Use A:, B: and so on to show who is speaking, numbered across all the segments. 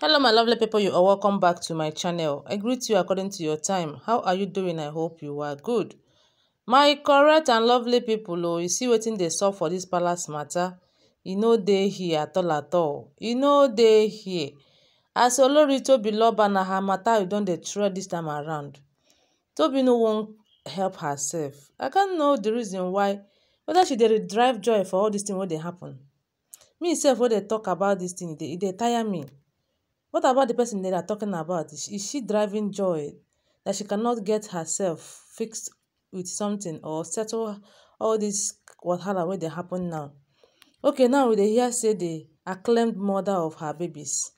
A: hello my lovely people you are welcome back to my channel i greet you according to your time how are you doing i hope you are good my correct and lovely people oh you see wetin dey sup for this palace matter You know they here at all at all You e know they here as olori tobiloba na her matter you don't destroy this time around Toby no won't help herself i can't know the reason why whether she did drive joy for all this thing what they happen me sef what they talk about this thing They e they e tire me What about the person they are talking about? Is she driving joy that she cannot get herself fixed with something or settle all this wahala wey dey happen now? Okay, now we hear say the acclaimed mother of her babies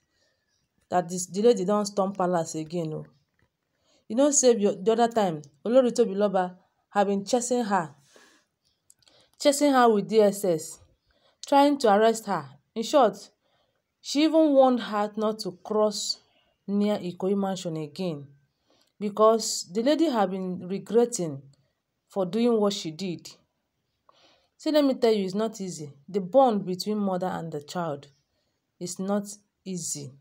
A: that this, delay lady don storm palace again o. Oh. You know say the other time Olori Tobiloba have been chasing her chasing her with DSS trying to arrest her. In short, She even warned her not to cross near Ikoyi mansion again because the lady had been regretting for doing what she did. See, let me tell you, it's not easy. The bond between mother and the child is not easy.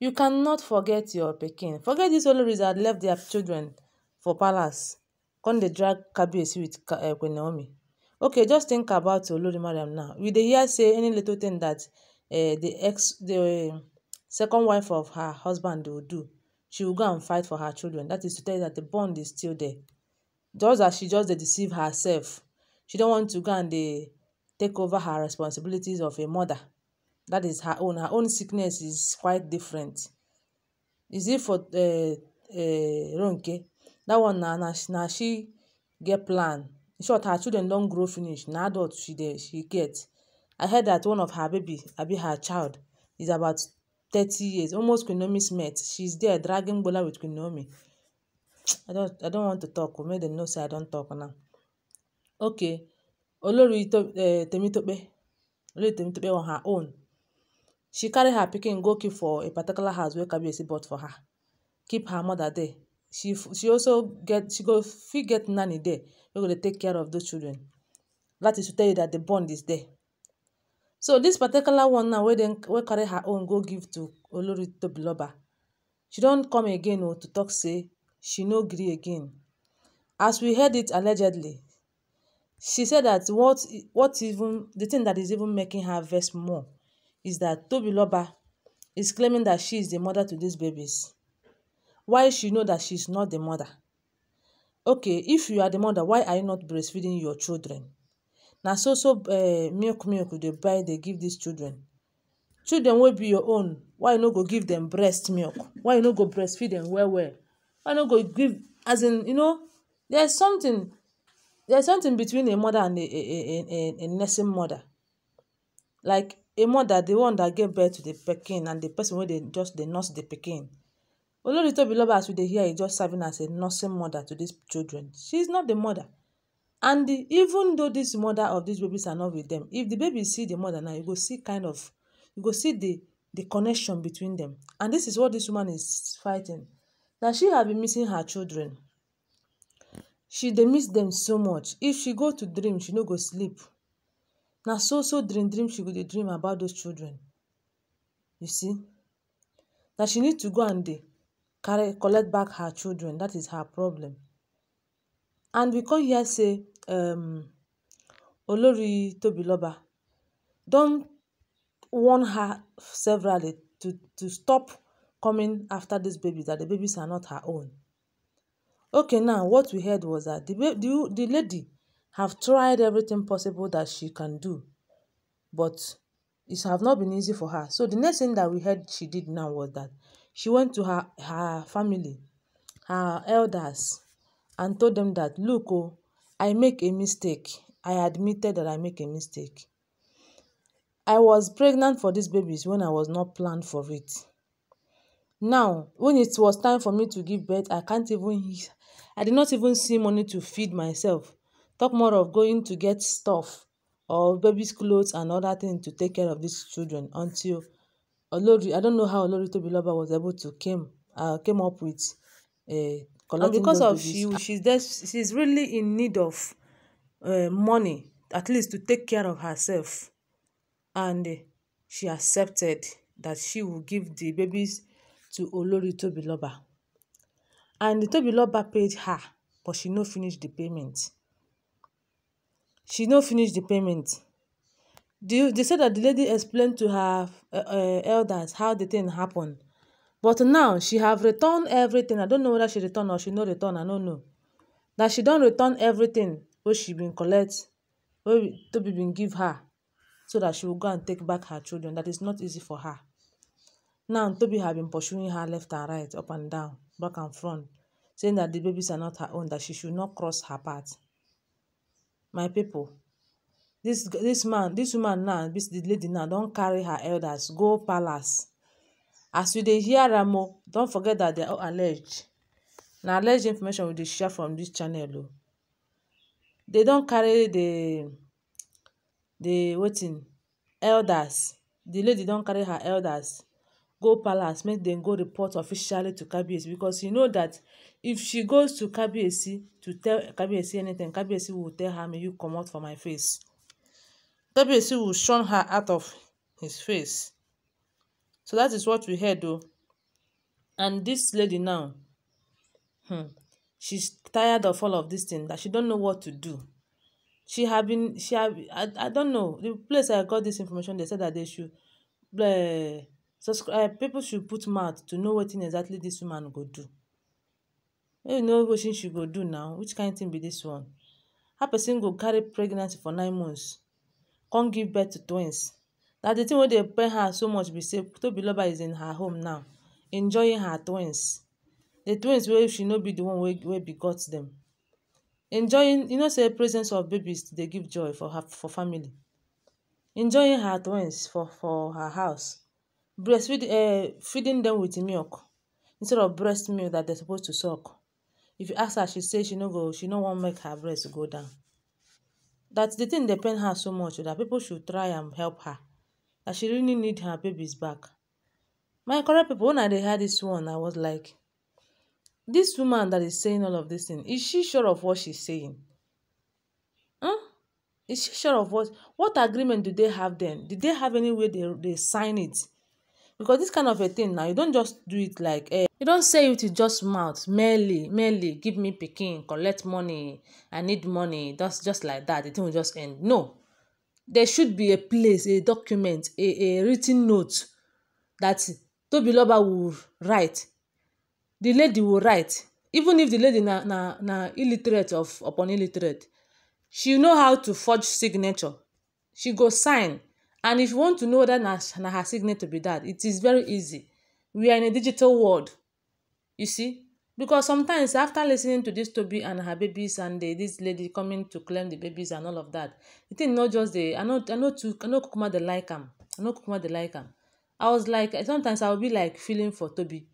A: You cannot forget your pikin. Forget this only reason I left their children for palace. Come they drag Kabiyesi with uh, Naomi. Okay, just think about Olori Mariam now. We they hear say any little thing that um the ex the um, second wife of her husband will do she will go and fight for her children that is to tell you that the bond is still there just as she just dey deceive herself she don't want to go and dey take over her responsibilities of a mother that is her own her own sickness is quite different Is it for uh um ronke that one now na na she get plan in short her children don't grow finish na adult she dey she get I heard that one of her baby, abi her child, is about 30 years, almost Queen met. She's there dragging Bola with Queen I don't, I don't want to talk. Make them know say I don't talk now. Okay. Olori eh, Temitope, Olori Temitope on her own. She carry her picking go keep for a particular house where Kabiyesi bought for her. Keep her mother there. She she also get she go fit get nanny there. We gonna take care of those children. That is to tell you that the bond is there so this particular one now where then where carry her own go give to olori tobiloba she don't come again o oh, to talk say she no gree again as we heard it allegedly she said that what what even the thing that is even making her vex more is that dat Loba is claiming that she is the mother to these babies Why she know that she is not the mother okay if you are the mother why are you not breastfeeding your children na so so um milk milk we dey buy dey give dis children. Children wey be your own why you no go give dem breast milk? Why you no go breastfeed dem well well? Why you no go give as in you know there's something there's something between a mother and a a a a nursing mother. Like a mother the one that gave birth to the pikin and the person wey dey just dey nurse the pikin. Oloritobiloba as we dey hear is just serving as a nursing mother to these children. She is not the mother. and the, even though this mother of these babies are not with them if the baby see the mother now you go see kind of you go see the the connection between them and this is what this woman is fighting that she have been missing her children she they miss them so much if she go to dream she no go sleep Now so so dream dream she go dey dream about those children you see that she need to go and carry collect back her children that is her problem and we come here say um, Olori Tobiloba don't warn her severally to, to stop coming after these babies, that the babies are not her own. Okay, now what we heard was that the, the, the lady have tried everything possible that she can do, but it have not been easy for her. So the next thing that we heard she did now was that she went to her, her family, her elders, and told them that, look, oh, I make a mistake. I admitted that I make a mistake. I was pregnant for these babies when I was not planned for it. Now, when it was time for me to give birth, I can't even, I did not even see money to feed myself. Talk more of going to get stuff or baby's clothes and other things to take care of these children until Olori, I don't know how Olori Tobiloba was able to came, uh, came up with a and because of you ah. she's there she's really in need of uh, money at least to take care of herself and eh, she accepted that she will give the babies to Olori Tobiloba and the Tobiloba paid her but she no finish the payment she no finish the payment they, they said that the lady explained to her uh, uh, elders how the thing happened but now she have returned everything i don't know whether she return or she no return i no know That she don return everything wey she been collect wey tobi been give her so that she will go and take back her children that is not easy for her now tobi have been pursuing her left and right up and down back and front saying that the babies are not her own that she should not cross her path my people this this man this woman now this the lady now don carry her elders go palace as you dey hear Ramo, o don forget that they are all alleged na alleged information we dey share from this channel o They don carry the the wetin elders the lady don carry her elders go palace make them go report officially to kabiyesi because you know that if she goes to kabiyesi to tell kabiyesi anything kabiyesi will tell her make you out for my face kabiyesi will shun her out of his face So that is what we heard o. And this lady now, hmm, she's tired of all of this thing that she don't know what to do. She have been, she have, I, I don't know. The place I got this information, they said that they should, bleh, subscribe, eh, people should put mouth to know what thing exactly this woman go do. you know wetin she go do now, which kind of thing be this one? How person go carry pregnancy for nine months, Can't give birth to twins? na the thing wey they pain her so much be say tobiloba is in her home now enjoying her twins the twins wey she no be the one where wey begot them? enjoying you know say presence of babies they give joy for her for family enjoying her twins for for her house breastfeed um feeding them with milk instead of breast milk that they supposed to suck if you ask her she say she no go she no want make her breast go down That's the thing they pain her so much that people should try and help her that she really need her babies back. My correct people, when I heard this one, I was like, this woman that is saying all of this thing, is she sure of what she's saying? Huh? Hmm? Is she sure of what? What agreement do they have then? Did they have any way they, they sign it? Because this kind of a thing now, you don't just do it like, eh, you don't say it to just mouth, merely, merely, give me picking, collect money, I need money, just, just like that, the thing will just end. No there should be a place a document a a written note that Tobiloba will write the lady will write even if the lady na na na illiterate of upon illiterate she know how to forge signature she go sign and if you want to know whether na na her signature be that it is very easy we are in a digital world you see because sometimes after listening to this tobi and her babies and the, this lady coming to claim the babies and all of that the thing no just dey i no i no too i no kukuma dey like am i no kukuma dey like am i was like sometimes i will be like feeling for tobi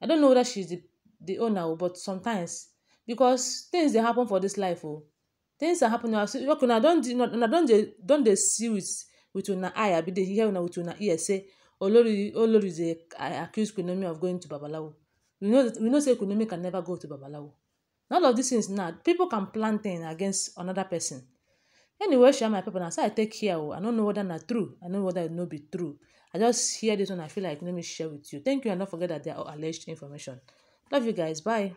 A: i don't know whether she's the the owner o but sometimes because things dey happen for this life o oh. things are happening as okay una don una don dey don dey see with with una eye abi dey hear una with una ear say olori olori dey accuse Queen of going to babalawo we know we know say economic can never go to babalawo None of these things now people can plan things against another person anyway share my paper na so i take care o oh, i no know whether na true i no know whether e no be true i just hear this one i feel like let me share with you thank you and don't forget that they are alleged information love you guys bye.